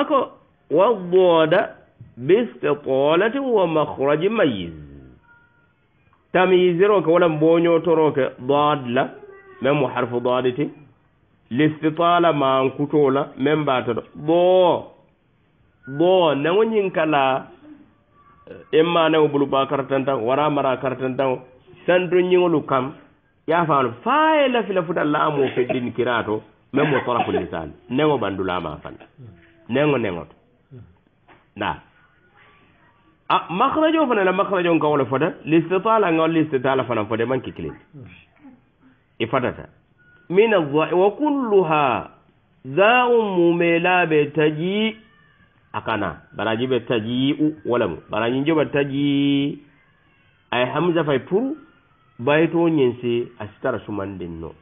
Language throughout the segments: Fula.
ako waddooda be istiqolati wo makhraji mayis tamyisiroke wala mboñotoroke dad la men mo harfu dadite listitala mankuto la men mbatoɗo boo boo nango ñinkala immanewo eh, bulu ɓa kartantan wara mara kartantan santo ñiŋolu kam yafaano faye lafi lafuta laamo feɗɗin kirato men mo sorako lisan nego ɓandulama fan nego negoto da a ah, makraio fana la makraio ka wala fota listitala ngao listitala fana fode manke kilindi i fatata min aai wa kulluha dau mume laɓe taji akana baraji ɓe tajiu walamu baraji joɓa taji ay hamsa fay pour bayto ñinsi a sitara sumandinno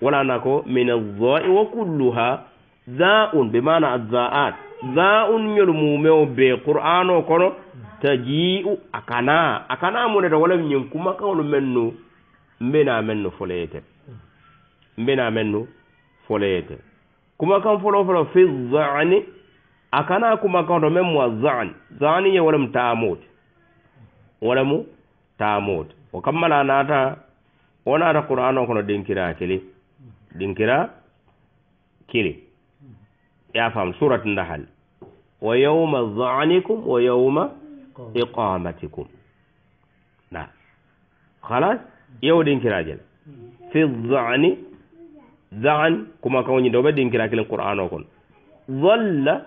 wala na ko min aai wa kulluha zaa'un be mana azaa'at zaa'un ñol mumeo be qur'ano kono taji'u akana akana muneta wala ñin kumakawolu mennu mbena men nu foleyete mbena men nu foleyete kumakan folo folo fi zani akana kumakawoto men mua zani zani ye walamu taamote walamu taamote o kammala naata wonaata qur'ano kono ɗinkira kili ɗinkira kili ya faam surat ndahal wa yawma dhanikum wa yawma iqamatikum na halas yow ɗinkirajel fi dani dan kuma kawñi ndeoɓe ɗinkirakilen qur'an o kon dalla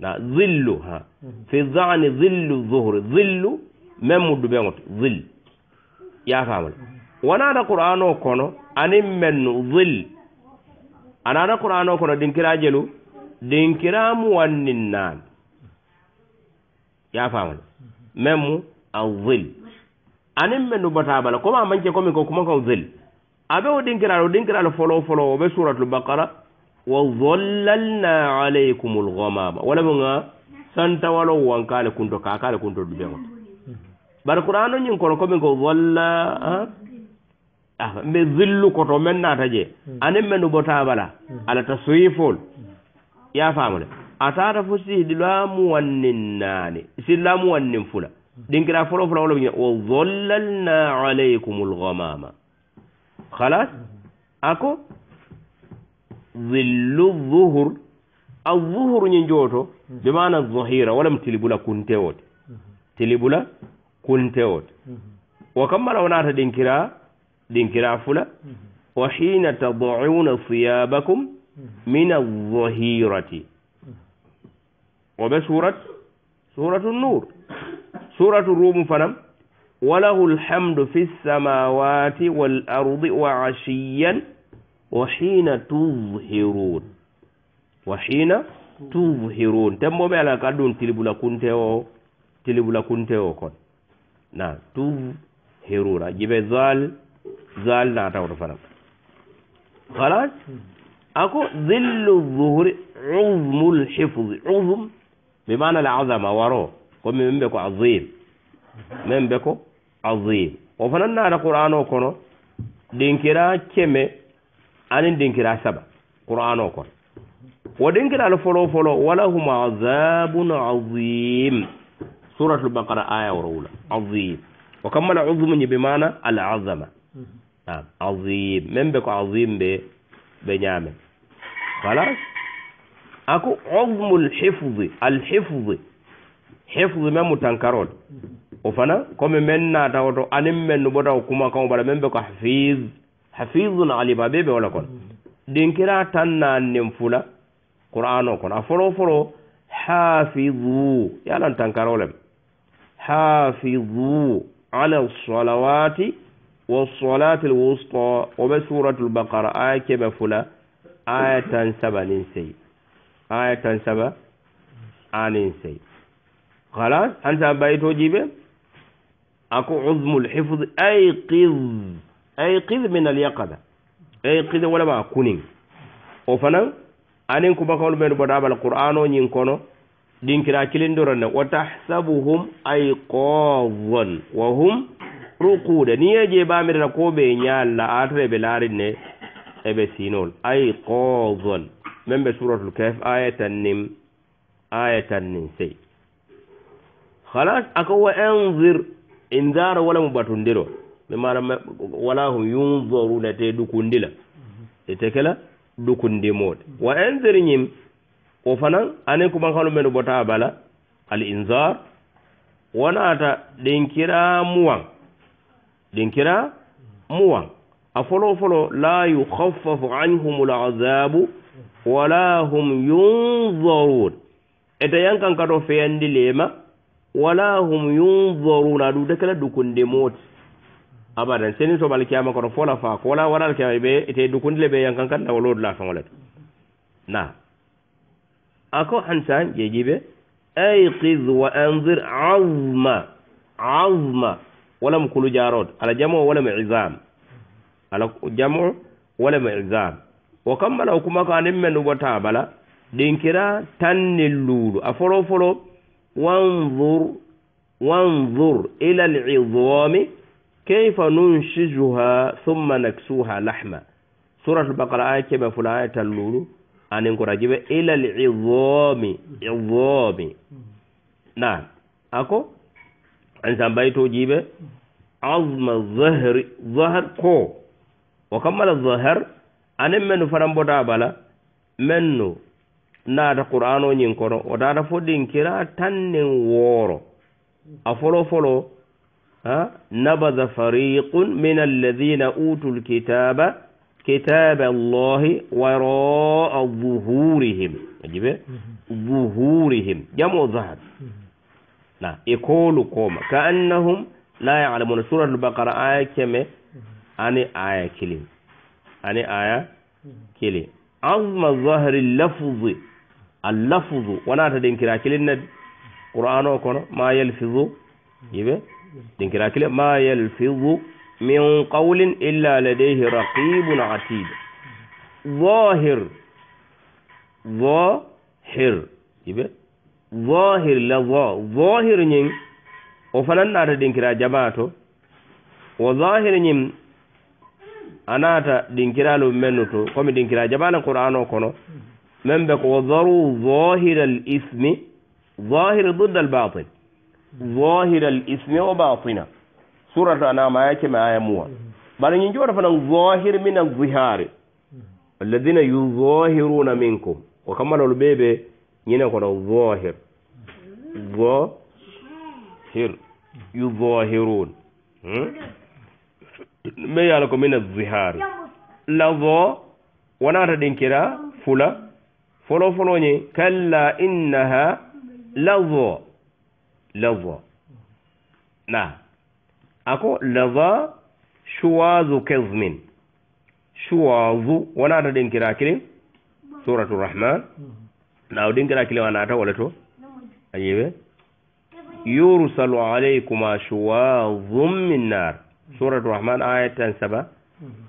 na zillu ha fi dani zillu zuhri zillu même mudduɓeŋot zill yafamala wonaata qur'an o kono anin men zill anaata qur'an o kono ɗinkirajelu linkiramu wanninnaami yafamale même mu aw zil anin ɓe nubatabala comme a manke comme ko kuma kan zil aɓe o ɗinkiral o ɗinkiral folo folo oɓe suratul bakara wa zollalna alaykum alhamama wala ɓe ga santawalo wankale kunto kakale kunto duɓe ngot bara qur'an o ñin kono comme ko zolla ah, mɓe zillu koto men nata je hmm. anin ɓe nubatabala hmm. ala tasuifol ya faamule a tata fo sihlamu wannin naane sihlamu wannin fula ɗinkira folo fula wolo wa dollalna alaykum alhamama halas ako zillu zuhur a zuhur ñin jooto bi mana zahira walam tilibula kunte wote tilibula kunte wote wa kammala wonata ɗinkira ɗinkira fula wa hina tadauna siyabakum min aلظahirati o ɓe surat suratu nur suratu rumu fanam walahu اlhamdu fi الsamawati walardi waashiyan wahina tuhirun wahina tuhirun temboɓe ala ka ɗum tilibula kunte o tilibula kunte o kon na tuhirun a jibe zal zal na tawto fanam halas ako dillu zuhuri uzmu lhifdi uzm bi mana alazama waro komi min be ko azim min be ko azim o fanan naata qur'an o kono ɗinkira keme anin ɗinkira saba qur'an o kono wo ɗinkiral folo folo walahum azabun azim suratu lbaqara aya woro wula azim o kammala uzmu ñi bi mana alazama mhm. azim min be ko azim ɓe ɓe ñaamen halas ako ogmul hifdi al hifdi hifdi men mo tankarol o fana men naata oto anin men no ɓotaw kuma kan ɓaɗa men ɓe ko hafise hafidun ali ɓe ɓe wala kon ɗinkira tan naannin fula qur'an o kon a foro foro hafidu yalan tankarolem hafidu ala salawati والصلاة الوسطى وبسورة البقرة آية كبا فلا آية سبا ننسي آية سبا آننسي خلاص أنت بيت وجيبه أكو عظم الحفظ أيقظ أيقظ من اليقظة أيقظ ولا ما كونين وفنا أنين كبكون من بدابة القرآن ونين دين كلا كلين دورنا وتحسبهم أيقاظا وهم ɗum kuuɗe ni ye je bamirena ko ɓe ñalla atore ɓe laarinne eɓe sinol ay kozon men ɓe suratul kef aya tan nim aya tan nim sey halas akowo inzir inzara wala mo batundiro mi mana wala hum yunzoruna te ɗukundila ete kela ɗukundimoɗe wa inzir ñim o fanan anin kuman halu men ɗo bota bala al inzar wonata ɗinkira muwan ɗin kira muwa a folo folo la yukhaffafu anhum alazabu wala hum yunzarun eta yankan kato feyandi lema wala hum yunzaruna adu dekela dukunde moti abadan senin soɓal kiyama koto fola fa kowala waral kiyama ɓe ete dukundile ɓe yankan kan lawolodu la fangolati na ako hansa jejiɓe aikiz wa andir azma azma wala mkulu jarod ala jamu wala mizam ala jamu wala mizam wa kammala kuma ka nimme nubata bala dinkira tanni lulu aforo foro wanzur wanzur ila al'idhami kayfa nunshijuha thumma naksuha lahma al baqara ayat ba fula aya tallulu anin kurajibe ila al'idhami idhami hmm. na ako an sam bayto jiiɓe asma zahri zahar ko o kammala zahar anen men no fanan mbota bala men no naata qur'an oñin kono o tata foɗɗin kira tan nin wooro a folo folo a nabada fariqun min alladina utu lkitaba kitaba allahi waraa zuhurihim ajiɓe mhm. zuhurihim jamo zahar mhm. لا يقول كوما كأنهم لا يعلمون سورة البقرة آية كم أني آية كلي أني آية كلي عظم ظهر اللفظ اللفظ وانا تدين كلا كلي قرآن وكنا ما يلفظ يبي دين كلا كلي ما يلفظ من قول إلا لديه رقيب عتيد ظاهر ظاهر يبي wahir la wahir nyin o fanan na ɗinkira jama to wo zahir nyin a naata ɗinkiralu mennu to komi ɗinkira jamana qur'an o kono men ko wo zahir al ismi zahir dudda al batin zahir al ismi wa batina suratu anama aya keme aya muwa bara ñin jooɗa fanan zahir min al zihari alladina yuzahiruna minkum wa kammalolu ɓe ñine kono vohir vo hir yu vohirun hmm? me yaala ko mine zihar la vo wonata ɗin kira fula folo foloñi kalla innaha la vo la vo na ako lava chuwasu kesmin chuwasu wonata ɗin kira kiri suratu rahman mm -hmm. naw ɗinkira kilima naata wala to a ƴewe yursalu alaykuma chuwadum min nar suratu rahman aya tan saba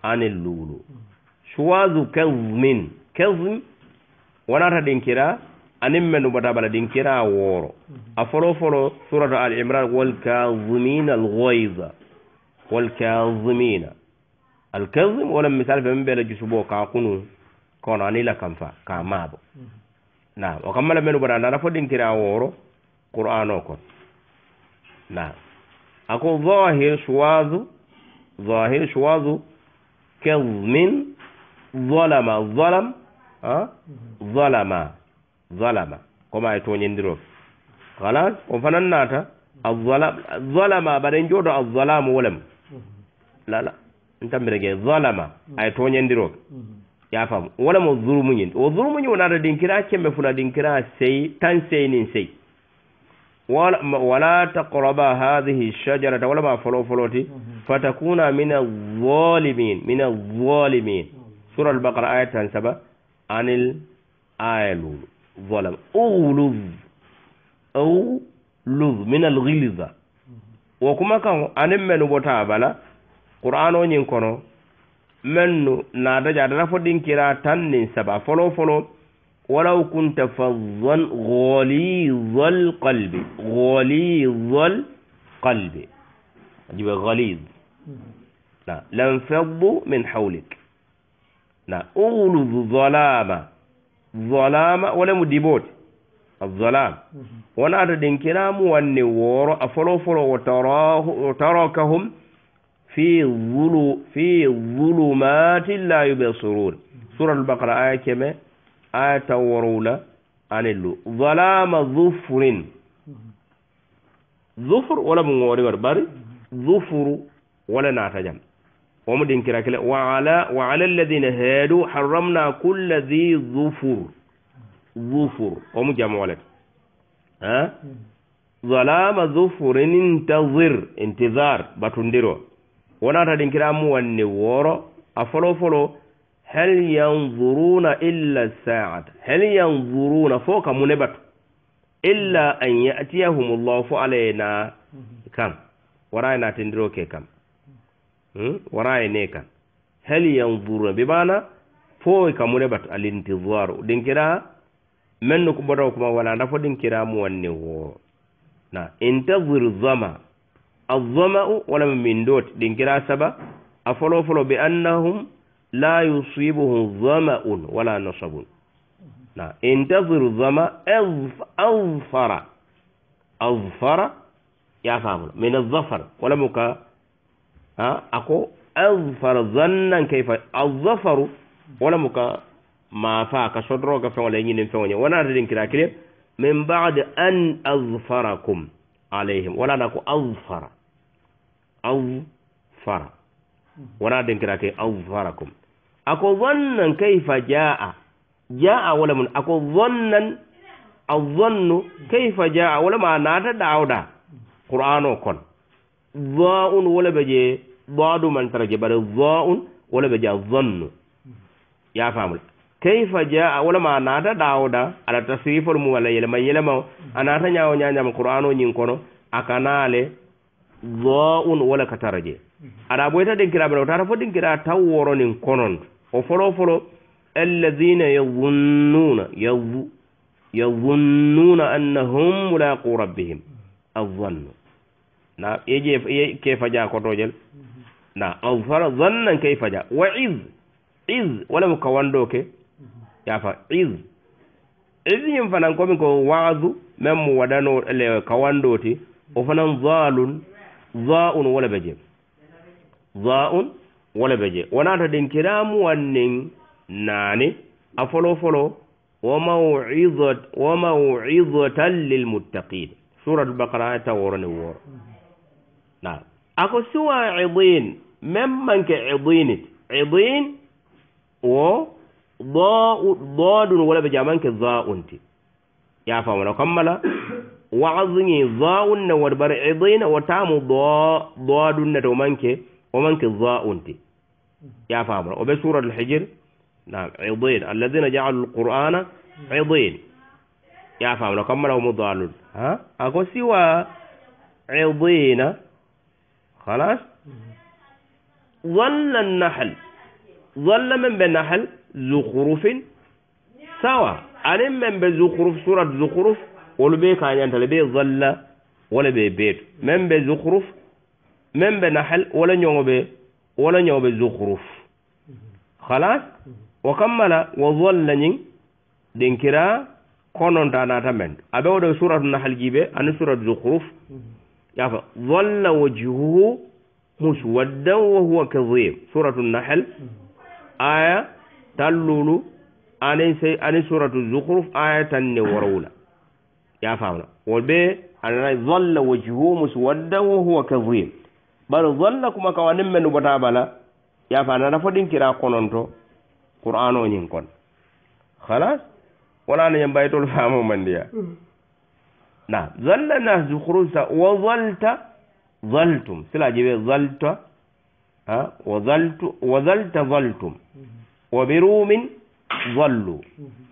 ani lulu chuwadu kasmin kasm wonata ɗinkira anin men ɗumbata bala ɗinkira wooro a folo folo suratu al imran walkasmina algoyza walkasmina alkasm wala misal fe min mbela jusubo ka kunu kono anila kam fa ka maabo naam o kammala men bara nana fo ɗinkira wooro qur'an o kon naam ako zahir suwadu zahir suwadu kezmin zolama zolam zolama zolama comme ay toñindiroo halas o fanan naata zolama mhm. mbaɗen mhm. jooɗo azolamu wolem lala n tambirege zolama ay toñindiroo mhm. yafaamu walamo zurumuñin o zurumuñi wonata ɗinkira cembe funa ɗinkira sey tan sey nin sey wala taqraba hadihi shajarata walama folo foloti mhm. fatakuna min alzalimin min alzalimin mhm. sura albaqara aya tan saba anil ayaluulu zalama ulus ou lus min alxilisa mhm. wo kuma kan anin menubota bala qur'an oñin kono mennu na naata da fo kira tan nin saba folo folo walaw kunta faddan ghalidha alqalbi ghalidha alqalbi ajiba ghalid na lanfaddu min hawlik na ulu zalama zalama wala mudibot الظلام dibote دين كلام وان واني افلو فلو وتراه وتراهم fi zulumati la yubsirun suratul bakara aya keme aya tan worowla anillu zalama zufrin zufr wala mu ŋoori wat bari zufru wala naata jam womu dinkira kile wa ala alladina heedu harramna kulla di zufur zufur womu jam walet a zalama zufrin intazir intizar batundiro wonata ɗin kira mu wanne wooro a folo folo hel yanzuruna illa saata hel yanzuruna fo ka mune batu illa an yatiyahum llah fo alaye na kan waraye na tendiro ke kan hmm? waraye ne kan hel yanzuruna be mana fo ka mune batu alintizaru ɗin kira men nu ku botawo kuma wala nda fo ɗin kira mu wanne wooro na intaziru zama aldama'u walama mindoote ɗin kira saba a foloo folo bi annahum la yusibuhum dama'un wala nasabun na intaziru dama anfara anfara yafaamula min azafar walamu ka a ako anfara zannan kayfa azafaru walamu ka maafa ka sodoroga feŋole e ñinin feŋo ñe wonanata ɗin kira kile min bade an azfarakum alayhim walana ko azfara aw fara wona denkira ke aw farakum ako vonnan kayfa jaa jaa wala mun ako vonnan a vonnu kayfa jaa wala ma naata ɗaawɗa qur'an o kon va un wala ɓe je ɓaadu mantara je bare va un wala ɓe je a vonnu ya famula kayfa jaa wala ma naata ɗaawɗa aɗa tasrifol mum alla yelema yelema o a naata ñaawo ñañama qur'an o ñin kono akanaale zaun wala katara je mhm. aɗa ɓoyta ɗinkira bele otata fo ɗinkira taw woronin konon o folo folo alladina yazunnuna yazu yazunnuna annahum mulaqu rabbihim mhm. azannu na yeje ke faja kotojel mhm. na afara zannan kei faja wa iz iz walamo ka wandoke yafa iz iz him fanan komin ko wasu men mo waɗano le kawandoti o fanan zalun zaa'un wala baje zaa'un wala baje wonata ɗen kiramu wannen naane a folo folo wa maw'izatan lilmuttaqin suratul baqara ta worone woro na ako suwa idin mem manke idinit idin wo ضاد ولا بجامنك ضاء انت يا فاهم لو كمل وعظني ضاون وربر عظين وتام ضاء ضادن ومنك ومنك ضاء انت يا فاهم وبسورة سورة الحجر نعم عضين الذين جعلوا القرآن عضين يا فاهم لو كمله مضالون ها أكو سوى عضين خلاص ظل النحل ظل من بالنحل زخرف سوى أنا من بزخرف سورة زخرف ولو بيك عن أنت لبي ظلة ولا بي بيت من بزخرف من بنحل ولا نيو بي ولا نيو بزخرف خلاص وكمل وظل نين دينكرا كونون تانا تمند أبي ودا سورة النحل جيبة أنا سورة زخرف يعني ظل وجهه مسودا وهو كظيم سورة النحل آية تلولو أنا سي أنا سورة الزخرف آية النورولة yaa faamna won ɓe aɗa nayi dolla wajuhu muswadda wo huwa kadim bal dolla kuma kawa nin men nuɓata bala yaa fa nata foɗin kira kononto qur'an o ñin kon halas wonaano ñen mbaytol faamo mandiya mm. na dolla nas zukhrusa wa dolta daltum sila jiɓe dalta a wa daltu wa dalta daltum mm-hmm. wa birumin dallu mm-hmm.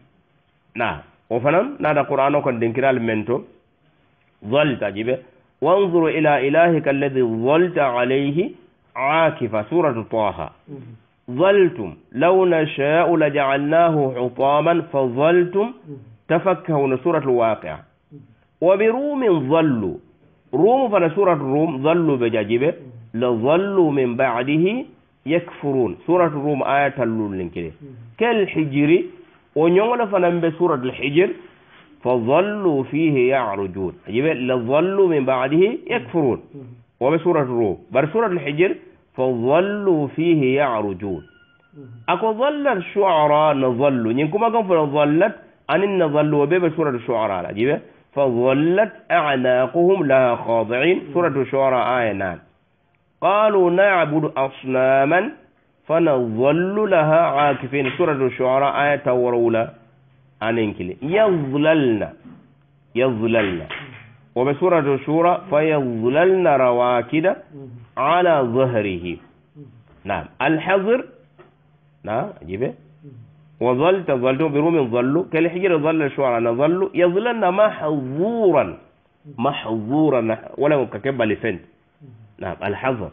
na o fanan naata qur'ano kon denkiral men to zalta jibe wanzur ila ilahika alladi zalta alayhi akifa suratu taha ظلتم لو نشاء لجعلناه حطاما فظلتم تفكهون سورة الواقع وبروم ظلوا روم فانا سورة الروم ظلوا بجاجبة لظلوا من بعده يكفرون سورة الروم آية اللون كده كالحجر ونيوغل فنان بسورة الحجر فظلوا فيه يعرجون يبقى يعني لظلوا من بعده يكفرون وبسورة الروم بسورة الحجر فظلوا فيه يعرجون أكو ظل الشعراء نظلوا ينكما يعني كان فظلت أن النظل وبيب سورة الشعراء يبقى يعني فظلت أعناقهم لها خاضعين سورة الشعراء آية نعم قالوا نعبد أصناما فنظل لها عاكفين سورة الشعراء آية عن إنكلي يظللنا يظللنا وبسورة الشورى فيظللنا رواكد على ظهره نعم الحظر نعم جيبه وظل تظلتم بروم ظلوا كالحجر ظل الشعراء نظلوا يظللنا محظورا محظورا ولا مكتب لفن نعم الحظر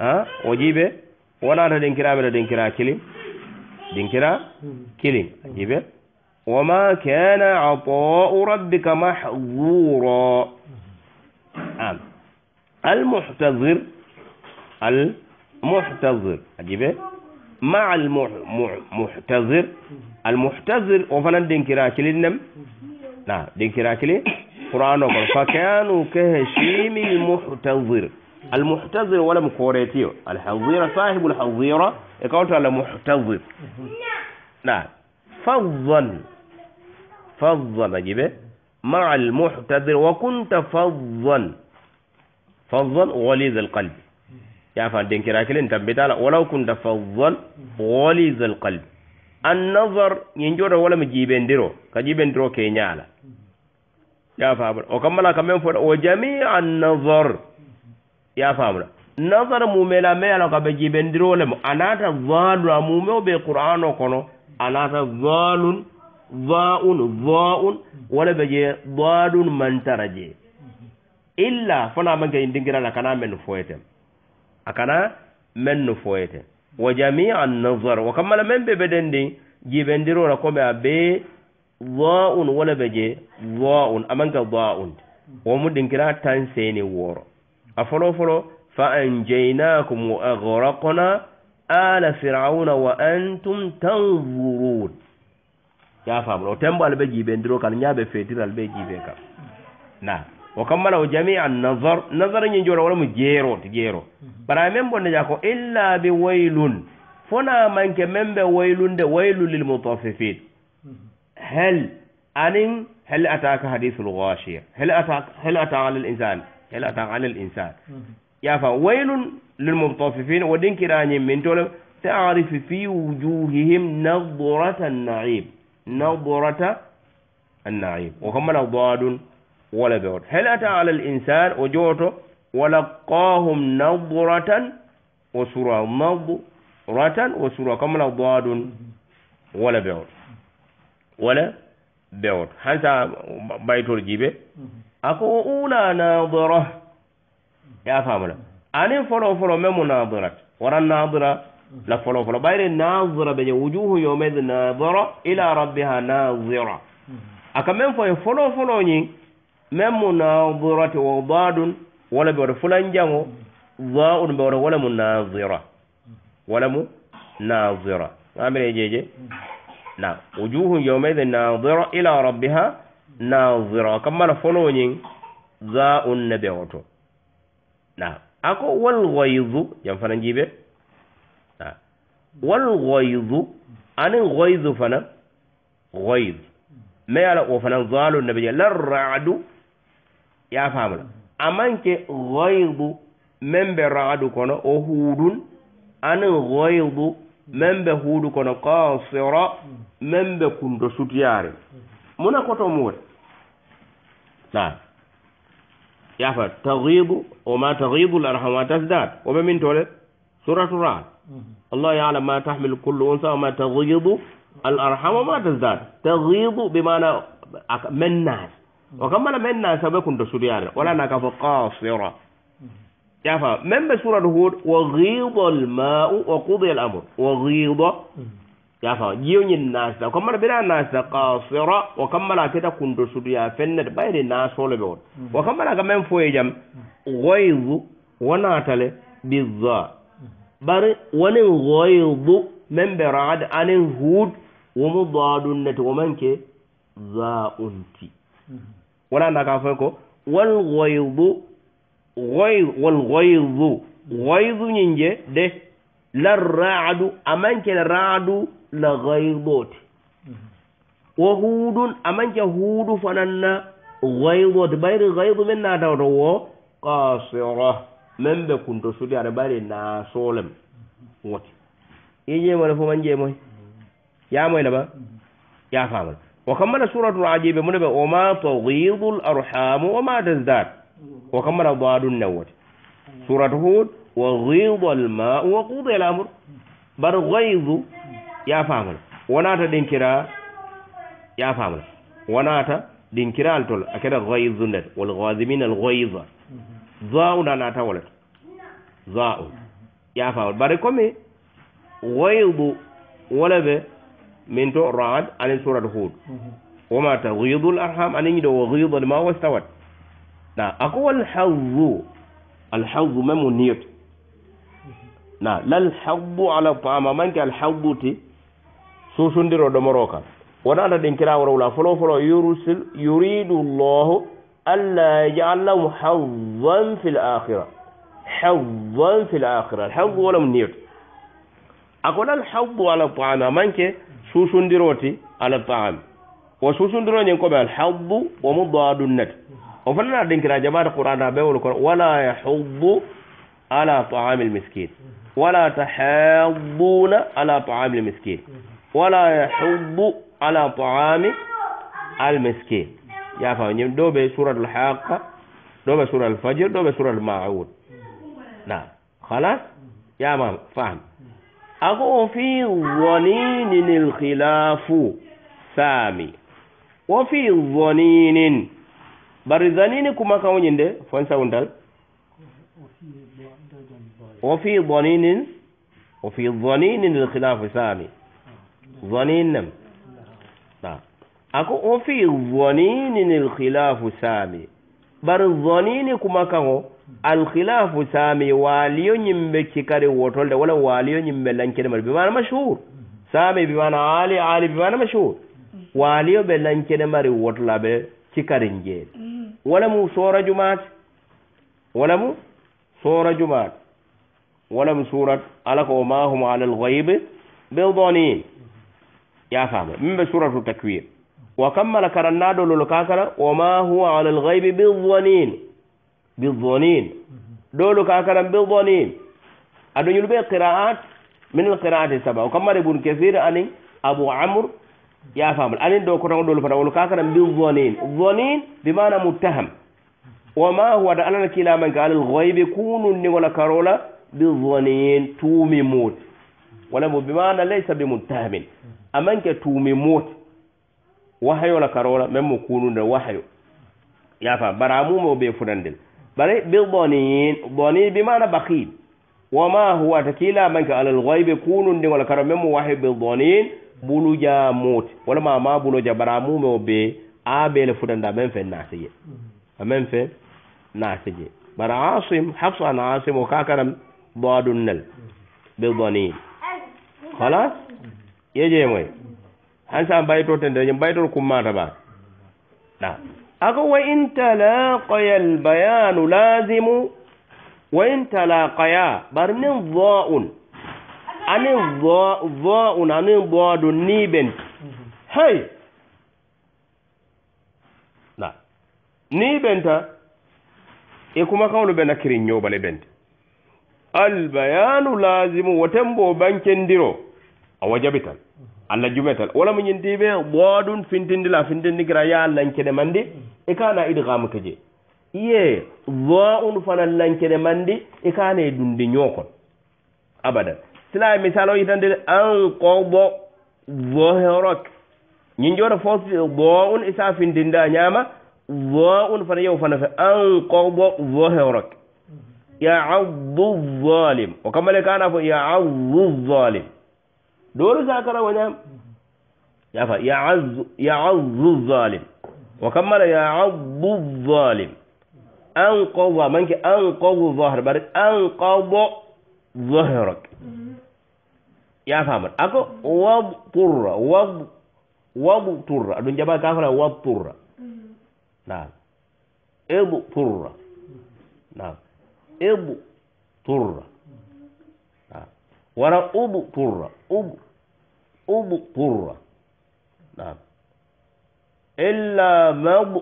ها أه؟ وجيبه wala ta wonata ɗinkira mbeɗa ɗinkira kilim ɗinkira kilim wa ma kana atau rabbika mahzura am al muhtazir al muhtazir ajibe مع المحتذر المحتذر وفنان دينكرا كلي نم نعم دينكرا كلي قرآن وقال فكانوا كهشيم المحتضر المحتضر ولم mkoretio الحظيرة صاحب الحظيرة يقول على محتضر نعم فظا فظا ajibe مع المحتذر وكنت فظا فظا غليظ القلب يا فاندين كراكل انت بتالا ولو كنت فظا غليظ القلب النظر ينجور ولا مجيبين ديرو كجيبين درو كينيالا يا فابر وكملا كمان فور وجميع النظر ya famula nasara mumela me ala ka be jibendirolemo anata valu a mume o be qur'ano kono anata valun vaun vaun wala be je vaɗun mantara je illa fana manke i dingirala kana men no foyetem a kana men no foyete wa jamia nasar wa kammala men be beɗen ndi jibendirola kome a be vaun wala be je vaun amanke vaun womu dinkira tan seni woro أفلو فلو فأنجيناكم وأغرقنا آل فرعون وأنتم تنظرون يا فهم لو تنبو البيجي بندرو كان نياب فيتر البيجي بيكا نا نعم. وكمل جميع النظر نظر ينجور ولم جيرو تجيرو برا ممبو نجاكو إلا بويلون فنا من كمن بويلون دي ويل للمطففين هل أنين هل أتاك حديث الغاشية هل أتاك هل أتاك على الا تعالى الانسان يا فويل للمطففين ودنكران من تول تعرف في وجوههم نظرة النعيم نظرة النعيم وهم الأضاد ولا بعد هل أتى على الإنسان وجوته ولقاهم نظرة وسورة نظرة وسورة كم الأضاد ولا بعد ولا بعد هذا بيت الجبه ako wo ula nadira ya famula anin folo folo memu nadirat waran nadira la folo folo ɓayre nadira ɓe je wujuhu yomaid nadira ila rabbiha nadira aka men fo e folo folo ñin memu nadirati wo badun wala ɓe waɗa fulanjango za un ɓe waɗa wala mu nadira wala mu nadira gamire jeje mm. na wujuhu yomaid nadira ila rabbiha nanzira kammana folowoñin za'un ne ɓewoto na ako walgoydu jam fana jiɓe a walgoydu anin goydu fana goyd me ala o fana zalu ne ɓe je larradu ya famula amanke goydu memɓe radu kono o huudun anin goydu memɓe huudu kono kasira memɓe kundo sutuyare muna koto muwote نعم يعفر تغيض وما تغيض الأرحام تزداد وما من تولد سورة الرعد الله يعلم ما تحمل كل أنثى وما تغيض الأرحام وما تزداد تغيض بمعنى من الناس وكمل من الناس بكون سوريا ولا نكف قاصرة يعفر من بسورة هود وغيض الماء وقضي الأمر وغيض yafa jiyo ñin naasita kommala bena naasita kasira wo kammala keta kundo suduya fennete ɓayde naasole ɓe on mhm. wo kammala ka men foye jam mhm. goydu wonatale bidza mhm. bari wonin goydu men ɓe rad anin huud womo daɗum nete womanke za unti wona naka foye ko wal goydu goy wal goydu goydu ñin je de lan raadu amankel raadu na gayrbote wo huuɗun amanke huuɗu fananna gayrbote ɓayri gayru men na dawta wo kasira men ɓe kunto suli aɗa ɓari nasolem wote ijemole fo man jemoy yamoy naɓa yafamal wo kammala suratu ajibe mune ɓe oma tagidu l arhamu oma tasdad wo kammala baɗum newwote suratu hud wa gida lma wa kudi l amre bar gaydu yafamula wonata ɗinkira yafamula wonata ɗinkira al tol a keɗa gayzu ndet walgazimina algayza zauna nata wolet zau yafamula bare comme gayzu woleɓe min to raad anin surat hud woma tagyidu l arham aniñiɗo wo gyida lma wastawat na ako walhazu alhazu même niyot na lalhazu ala pama manke alhazu ti susundiro ɗomoro kan wona anda ɗin kila worowla folo folo yursil yuridu llahu alla ya'lam lahum hazzan fi l akhira hazzan fi l akhira alhazzu walam niyatu akona alhazzu ala taam amanke susundiroti ala taam wo susundiroñin koɓe alhazzu wo mudadu nati o fanana ɗin kila jaɓata qur'ana ɓewol kono wala yahuddu ala taami l miskin wala tahadduna ala taami l miskin wala yahubbu ala taami almiskin yafa ñim ɗo ɓe surat alhaqa ɗo ɓe surat alfajir ɗo ɓe surat almaud nam halas yamam faham ako fi waninin alkhilafu sami wa fi waninin bari zanini kuma kawñin de fon sawuntal wo fi waninin wo fi waninin alkhilafu sami ظنينم أكو في ظنين الخلاف سامي بر ظنين كما كان الخلاف سامي واليو نيمبي كيكاري ووتول ولا واليو نيمبي لانكيري مال بمعنى مشهور سامي بمعنى عالي عالي بمعنى مشهور واليو بي لانكيري مال ووتلا بي كيكاري نجيل ولا مو سورة جمعات ولا مو سورة جمعات ولا مو سورة ألكو ما هم على الغيب بالظنين يا فاهم من سورة التكوير وكمل دول لولكاكرا وما هو على الغيب بالظنين بالظنين دول كاكرا بالظنين أدو يلبي قراءات من القراءات السبع وكمل ابن كثير أني أبو عمرو يا فاهم أني دو كرن دولو فتا ولكاكرا بالظنين الظنين بمعنى متهم وما هو على أنا كلا من قال الغيب كونوا نيولا كارولا بالظنين تومي موت ولا بمعنى ليس بمتهم aman ke mot wahayo la karola meŋ mu kuununde wahayo yafa bara mo be funandel bare bil bonin boni bi mana bakhil wama huwa takila man ka alal kunun de wala karo meŋ mu wahayo bil bonin buluja mot wala ma buluja bara mo be a be le funanda men fe naasiye amen fe naasiye bara asim hafsa an asim o kakaram badun bil bonin خلاص yejeemoye han sa mbaytorten de ñom mbaytoro kummata ɓa a ako wa in talaqaya l bayanu lazimu wa in talaqaya bar nin vaun anin vaun anin boado niɓenti hay a niɓenta e kuma kawlo ɓena kiri ñoɓale ɓente albayanu lazimu woten bo bankendiro awa jaɓitan allah jumetal wala mo ñintiɓe ɓooɗum findindila findindigira ya lankede mandi e kana idgama ke je ye wa un fana lankede mandi e kana e dundi ñookon abadan sila e misal o yitande an koɓo wo herok ñin jooɗo fo wo un isa e findindi a ñaama wo un fana yew fana fe an koɓo wo herok yaabu zalim o kamale kana fo yaabu zalim دور ذاكرة ونام يعز يعظ الظالم وكمل يعظ الظالم أنقض منك أنقض ظهر بارد أنقض ظهرك يا فامر أكو وضطر وض وضطر أدون جبا كافر وضطر نعم اضطر نعم اضطر نعم ورا اضطر اضطر ubqurra nam illa mab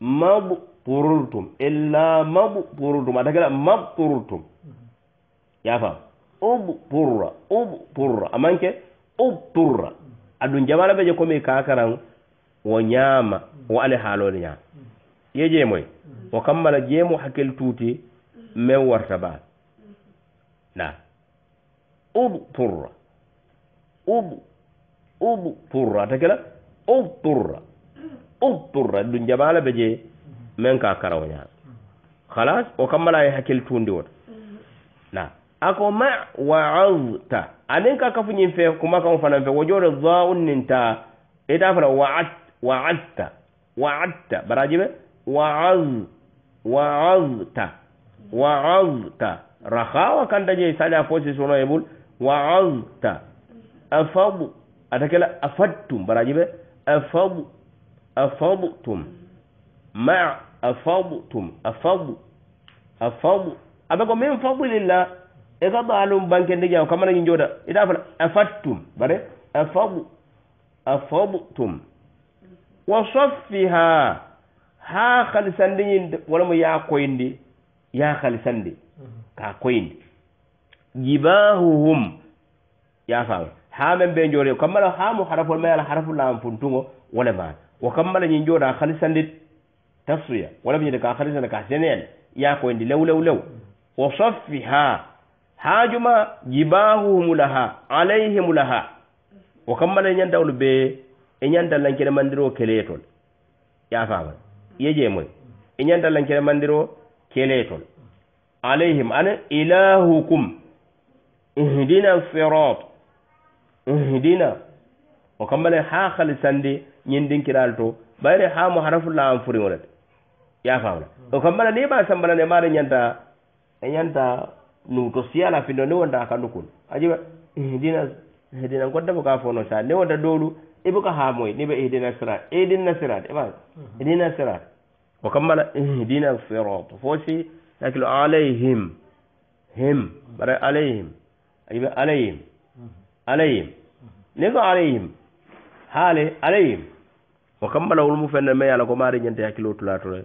mabqurrtum illa mabqurrtum adagala mabqurrtum yafam ubqurra ubqurra amanke ubturra adun jamala beje komi kakaran wo ñaama wo ale haalole ñaama yeje moy wo kammala jeemo hakkel tuuti men warta baa na ubturra uturra um, um, ata kela uturra um, uturra ɗum jaɓala ɓe je min ka karaw ñaa halas o kammala e hakkil tuundi wota na ako ma waadta anin ka kafuñin fe kuma kam fanan fe wo jooɗo zaun nin ta ita e fana waadta waadta baraji ɓe waad waadta waadta rahawa kanta je sada fo si sono e ɓul waadta afamu ata kela afattum baraji ɓe afamu afamutum ma afamutum afamu afamu aɓe ko min famulilla e ka maalum bankende ƴaw kamana ñin jooda ita fana afattum bare afamu afamutum wa soffiha ha halisandi ñinde walamo ya koyndi ya halisandi ka koyndi jibahuhum ya faama haamen ɓe njoore kammala haamu harafol ma ala harafu laam funtugo wole ma wo kammala ñin njooɗa halisandit tasuya wala ñide ka halisande ka senen yakoyndi lew lew lew wo soffi ha haajuma jibahuhumu laha alayhimu laha wo kammala e ñandawlu ɓe e ñanda lankere mandiro kele tol yafama yejemoy e ñanda lankere mandiro kele tol alayhim ana ilahukum ihdina sirat ihdina o kambale ha hali sande ñendinkiral to bayre ha muharafulla an furiŋolete yafamla o kambala ni ɓa sambalane mare ñanta ñanta nuto siyala findo ni wonta kandu kun ajiɓa ihdina ihdina godda boka fono sa ni wonta dolu ibuka e ha moy niɓe ihdina sirat ihdina sirat ɓa e ihdina sirat o kambala ihdina sirat fosi hakilo alayhim him bare alayhim ajiɓa alayhim alayhim ni ko alayhim haale alayhim o kambala wolmu fenne me yala ko maari ñante hakkilo tulatore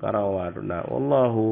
karawa waato na wallahu